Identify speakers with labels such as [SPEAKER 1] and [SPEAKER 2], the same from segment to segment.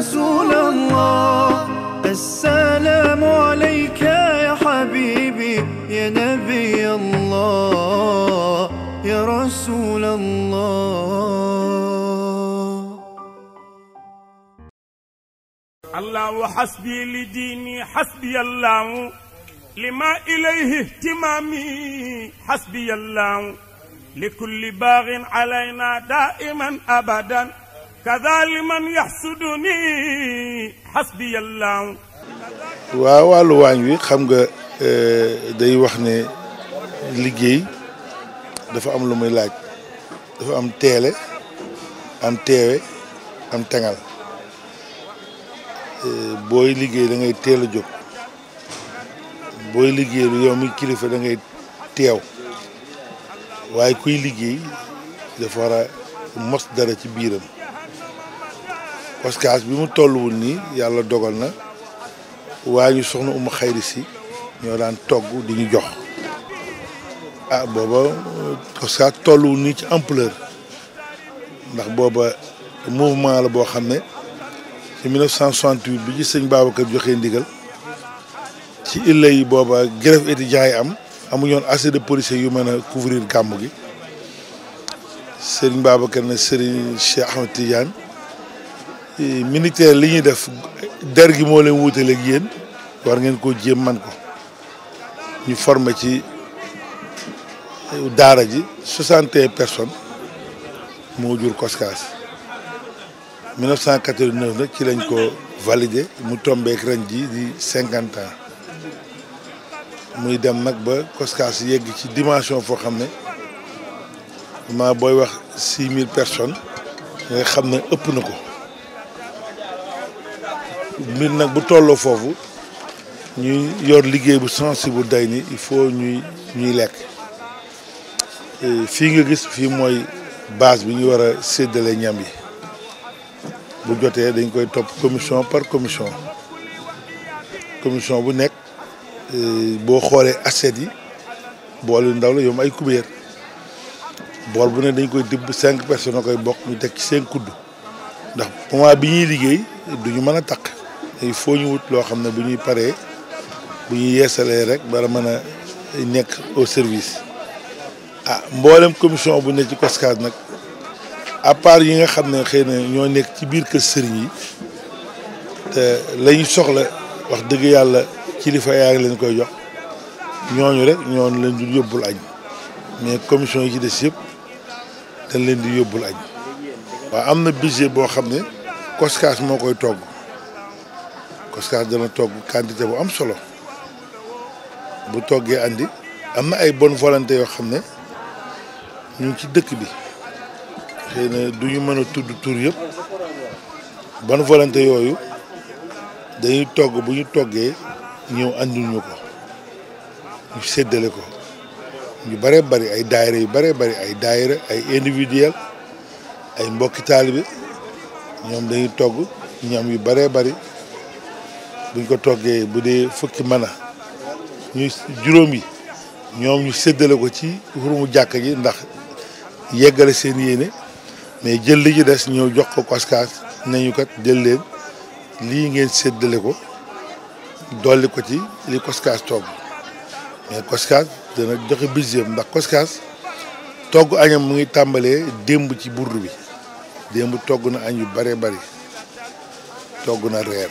[SPEAKER 1] رسول الله السلام عليك يا حبيبي يا نبي الله يا رسول الله الله حسبي لديني حسبي الله لما إليه اهتمامي حسبي الله لكل باغ علينا دائما أبدا kadaali man yaxsuduni xasbi waaw wàllu waañ wi xam nga euh, day wax ne liggéey dafa am lu muy laaj dafa am teele am teewe am tengal euh, booy liggéey da ngay teel a jóg booy liggéey lu yow mi kilifa da ngay teew waaye kuy liggéey dafa war a mos dara ci biiram parce bi mu tolluwul nii yàlla dogal na waa ñu soxna uma xayri si ñoo daan togg di ñu jox ah booba parce euh, que tolluwul nii ci ampleur ndax booba mouvement la boo xam ne ci 1968 bi ci sëñ Babacar joxee ndigal ci illa yi booba grève étudiant yi am amuñoon assez de policiers yu mën a couvrir gàmm gi sëriñ Babacar ne sëriñ Cheikh Ahmed Tidiane militaire li ñuy def der gi moo leen wuutale ak war ngeen koo jéem man ko ñu former ci daara ji soixante et personnes moo jur Coskas 1989 nag ci lañ ko validé mu tombeek reñ ji di cinquante ans muy dem nag ba Coskas yegg ci dimension foo xam ne ma booy wax six mille personnes nga xam ne ëpp na ko nit nak bu tolloo fofu ñuy yor liggéey bu sensible day ni il faut ñuy ñuy lek fi nga gis fi moy base bi ñu wara a ñam yi bu joté dañ koy top commission par commission commission bu nek e, bo xolé asset yi bool yu ndaw la yoom ay kubéer bool bu ne dañ koy dibb 5 personnes a koy bokk ñu tek ci seen kudd ndax pour moi bi ñuy liggéey duñu mën a takk te il ñu wut loo xam ne bu ñuy paree bu ñuy yeesalee rek bara mën a nekk au service ah mboolem commission bu ne ci COSCAS nag à part yi nga xam ne xëy na ñoo nekk ci biir kër sëriñ yi te lañu soxla wax dëgg yàlla kilifa yaa ngi leen koy jox ñooñu rek ñoo leen di yóbbul añ mais commission yi ci des yëpp dañ leen di yóbbul añ waaw am na budget boo xam ne COSCAS moo koy togg Ousseyn dana togg candidat bu am solo bu toggee andi am na ay bon volonté yoo xam ne ñu ngi ci dëkk bi xëy na du ñu mën a tudd tur yëpp bon volonté yooyu dañuy togg bu ñu toggee ñëw andil ko ñu séddale ko ñu bare bari ay daayira yu bëree bari ay daayira ay individuel ay mbokki taalibe ñoom dañuy togg ñam yu bëree bari buñ ko toggee bu dee fukki mana a ñu juróom yi ñoom ñu séddale ko ci xurumu jàkk ji ndax yeggale seen yéene mais jël li ci des ñëw jox ko koskaas nañu kat jël leen lii ngeen seddale ko dolli ko ci li koskaas togg mais koskaas dana joxe budget ndax koskaas togg añam mu ngi tàmbalee démb ci burdu bi démb togg na añ yu bare bari togg na reer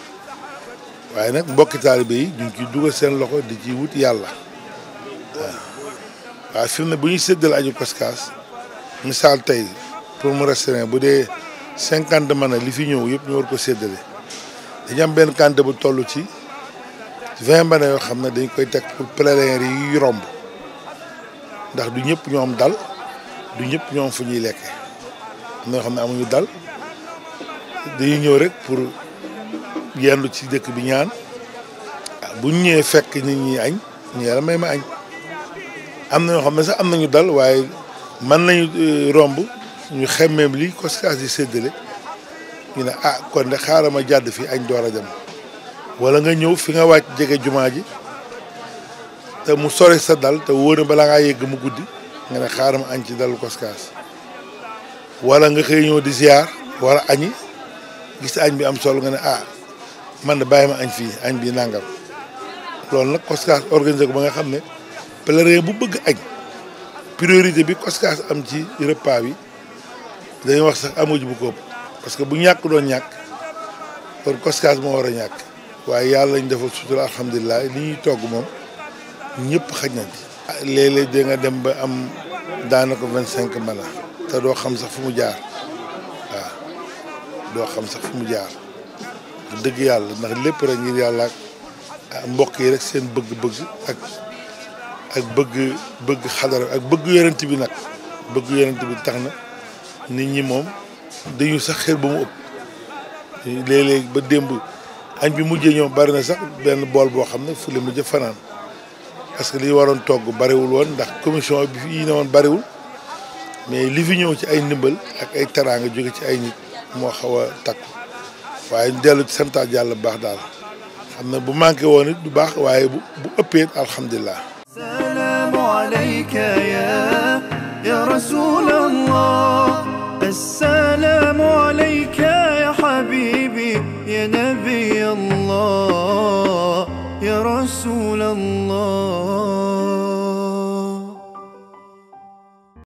[SPEAKER 1] waaye nag mbokki taalibe yi ñu ngi ciy dugal seen loxo di ci wut yàlla waa waaye bu ñuy séddal aju Paskas misaal tey pour mu restreint bu dee cinquante man li fi ñëw yëpp ñu war ko séddale dañu am benn quantité bu toll ci vingt man yoo xam ne dañ koy teg pour yi romb ndax du ñëpp ñoo dal du ñëpp ñoo am fu ñuy lekke am xam ne amuñu dal dañuy ñëw rek pour. yendu ci dëkk bi ñaan ah, bu ñu ñëwee fekk nit ñi añ ñu yàlla may ma añ am na ñoo xam ne am nañu dal waaye mën nañu euh, romb ñu xemmeem li Coskas di séddale ñu ne ah kon de xaaral ma jàdd fii añ door a dem wala nga ñëw fi nga wàcc jege jumaa ji te mu sore sa dal te wóor na balaa ngaa yegg mu guddi nga ne xaaral ma añ ci dalu Coskas wala nga xëy ñëw di ziar wala añi gis añ bi am solo nga ne ah man da bayima ma fi agn bi bii nangam loolu nag COSCAS organiser ko ba nga xamne ne pèlerin bu bëgg agn priorité bi COSCAS am ci repas bi dañ wax sax ci bu ko parce que bu ñak do ñak pour COSCAS mo wara a waye yalla lañ defal sutura alhamdullilah li ñi togg mom ñepp xagn na ci ah, léeg de nga dem ba am daanaka 25 cinq mala te doo xam sax fu mu jaar do xam sax fu mu jaar dëgg yàlla ndax lépp rek ngir yàlla ak mbokk yi rek seen bëgg-bëgg ak ak bëgg bëgg xadara ak bëgg yonent bi nag bëgg yonent bi tax na nit ñi moom dañu sax xel ba mu ëpp léeg-léeg ba démb añ bi mujjee ñoom bari na sax benn bool boo xam ne fu la mujjee fanaan parce que li waroon togg bariwul woon ndax commission bi fi ne woon bariwul mais li fi ñëw ci ay ndimbal ak ay teraanga jóge ci ay nit moo xaw a takku waaye dellu santaat yàlla bu baax daal xam ne bu manqué woon it du baax waaye bu bu ëppee alhamdulilah. salaamu alayka ya rasulallah assalaamu alayka ya habibi ya nabi allah ya rasulallah